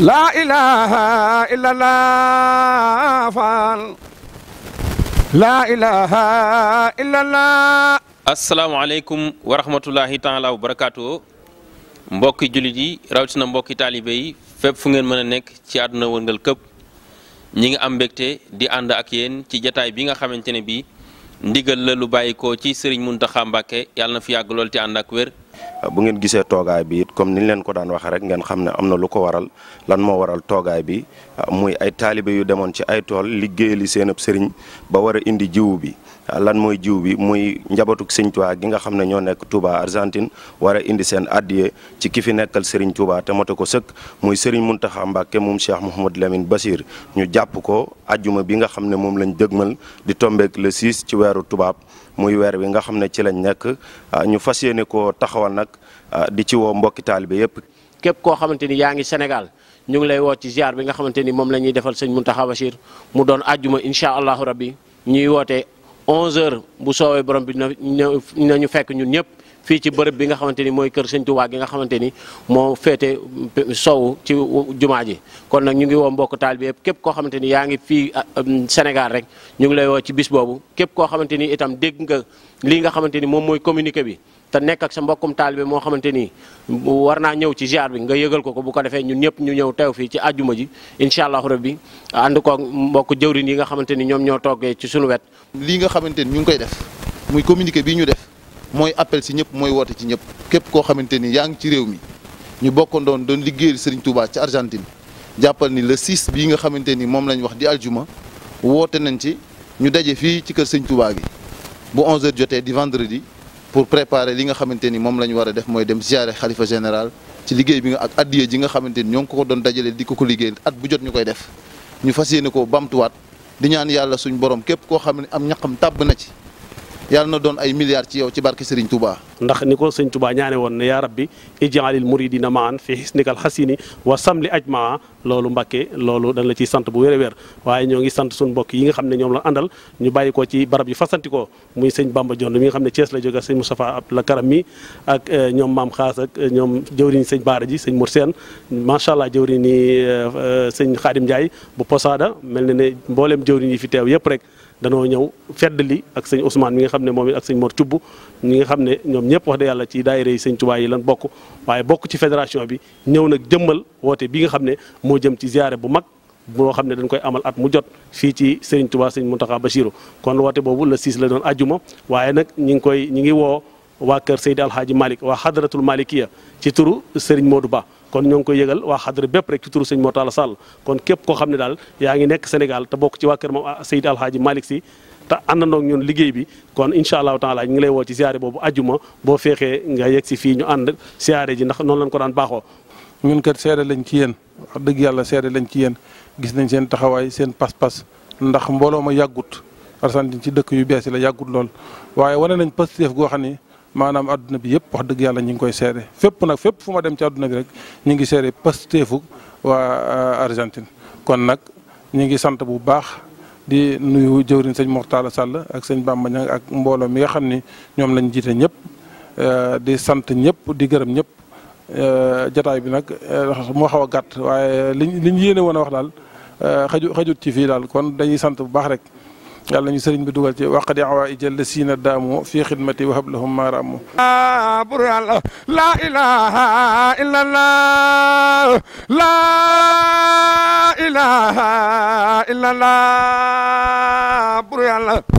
لا إله إلا الله فعل لا إله wa barakaatu mbokki jullit yi rawatina mbokki taalibe yi fépp fu ngeen mën a nekk ci àdduna wërngal këpp ñi ngi am mbégte di ànd ak yéen ci jataay bi nga xamante ne bii ndigal la lu bàyyikoo ci sëriñ Muntaxa Mbàkke yàlla na fi yàgg lool te ànd ak wér bu ngeen gisee toogaay bi it comme niñ leen ko daan waxee rek ngeen xam ne am na lu ko waral lan moo waral toogaay bi muy ay taalibe yu demoon ci ay tool liggéeyali seen ab sëriñ ba war a indi jiwu bi lan mooy jiw bi muy njabatuk sëñ Tuubaa gi nga xam ne ñoo nekk tubaa Argentine war a indi seen addiye ci ki fi nekkal Serigne Touba te moto ko sëkk muy Serigne Mountakha Mbacké moom Cheikh Mouhamadou lemin Bassir ñu jàpp ko ajjuma bi nga xam ne moom lañ dëgmal di tombeek le 6 ci weeru tubaab muy weer bi nga xam ne ci lañ nekk ah, ñu fas yéene ko taxawal nag ah, di ci woo mbokki taalibe yépp képp koo xamante ni yaa ngi Sénégal ñu ngi lay woo ci ziar bi nga xamante ni moom la ñuy defal sëñ Mountakha Bachir mu doon ajjuma incha 11 heures bu soowee borom bi na ñu fekk ñun ñëpp fii ci bërëb bi nga xamante ni mooy kër sëñ Tuubaa nga xamante ni moo féete euh, sow ci euh, jumaa ji kon nag ñu ngi woo mbokk taal yëpp képp koo xamante ni yaa ngi fii euh, Sénégal rek ñu ngi lay woo ci bis boobu képp koo xamante ni itam dégg nga lii nga xamante ni moom mooy communiqué bi te nekk ak sa mbokkum taalibe moo xamante ni war naa ñëw ci ziar bi nga yëgal ko ko bu ko defee ñun ñëpp ñu ñëw teew fii ci àjjuma ji incha allahu bi ànd ko mbokk jëwrin yi nga xamante ni ñoom ñoo toggee ci suñu wet. lii ni ñu ngi koy def communiqué bii ñu def. mooy appel si ñëpp mooy woote ci ñëpp képp koo xamante ni yaa ngi ci réew mi ñu bokkandoon doon liggéeyal Serigne Touba ci Argentine jàppal ni le 6 bii nga xamante ni moom lañ wax di aljuma woote nañ ci ñu daje fii ci kër Serigne Touba gi bu 11h jotee di vendredi pour préparer li nga xamante ni moom la ñu war a def mooy dem ziare xalifa général ci liggéey bi nga ak addiya ji nga xamante ni ñoo ngi ko doon dajalee di ko ko liggéey at bu jot ñu koy def ñu fas yéene koo bamtuwaat di ñaan yàlla suñ borom képp koo xam ne am ñaqam tàbb na ci yàlla na doon ay milliards ci yow ci barke Serigne Touba. ndax ni ko sëñ Tuubaa ñaane woon ne yaa rabbi ijaalil muridina maan fi xisnikal xasini wa samli ajmaa loolu mbàkke loolu dañ la ciy sant bu wér weer waaye ñoo ngi sant suñu mbokk yi nga xam ne ñoom la àndal ñu bàyyi ko ci barab yi fasantikoo muy sëñ Bamba Jonn mi nga xam ne Thiès la jóge sëñ Moustapha Abdoulaye Karam mi ak eh, ñoom maam xaas ak eh, ñoom jëwriñ sëñ Baara ji sëñ Mor Seen macha allah jëwriñ yi eh, sëñ Xaadim Ndiaye bu Posada mel na ne mbooleem jëwriñ yi fi teew yëpp rek danoo ñëw fedd li ak sëñ Ousmane mi nga xam ne moom it ak sëñ Mor Cubb ñi nga xam ne ñoom ñëpp wax dëgg yàlla ci daayira yi sëñ Tuubaa yi lan bokk waaye bokk ci fédération bi ñëw nag jëmmal woote bi nga xam ne moo jëm ci ziyaare bu mag boo xam ne dañ koy amal at mu jot fii ci Serigne Touba Serigne Mountakha Bassirou kon woote boobu le 6 la doon ajjuma waaye nag ñi ngi koy ñi ngi woo waa kër Seydi Alhaaji Malick waa xadratul malikiya ci turu Serigne Modou Ba kon ñoo ngi koy yëgal waa xadra bépp rek ci turu sëñ Mortala Sall kon képp koo xam ne daal yaa ngi nekk Sénégal te bokk ci waa kër moom Seydi Alhaaji Malick si te àndandoog ñun liggéey bi kon incha allahu taala ñu ngi lay woo ci siyaare boobu ajuma boo feexee nga yegg si fii ñu ànd siyaare ji ndax noonu lañ ko daan baaxoo ñun kat seede lañ ci yéen wax dëgg yàlla seede lañ ci yéen gis nañ seen taxawaay seen pas-pas ndax mbooloo ma yàggut Argentine ci dëkk yu bees la yàggut lool waaye wane nañ ne maanaam àdduna bi yëpp wax dëgg yàlla ñu ngi koy seere fépp nag fépp fu ma dem ci adduna bi rek ñu ngi seere pasteefu waa euh, Argentine kon nag ñu ngi sant bu baax di nuyu jëwriñ sëñ Mourtala sàll ak sëñ Bamba Niang ak mbooloo mi nga xam ni ñoom lañ jiite ñëpp euh, di sant ñëpp di gërëm ñëpp euh, jataay bi nag moo xaw a gàtt waaye liñ liñ yéene woon a wax daal xaju xajut ci fii daal kon dañuy sant bu baax rek yàlla ñu sëriñ bi dugal ci waqdi awaa ijal la siina daamu fii xidmati wahab lahum maaraamu laa ilaha laa ilaha illa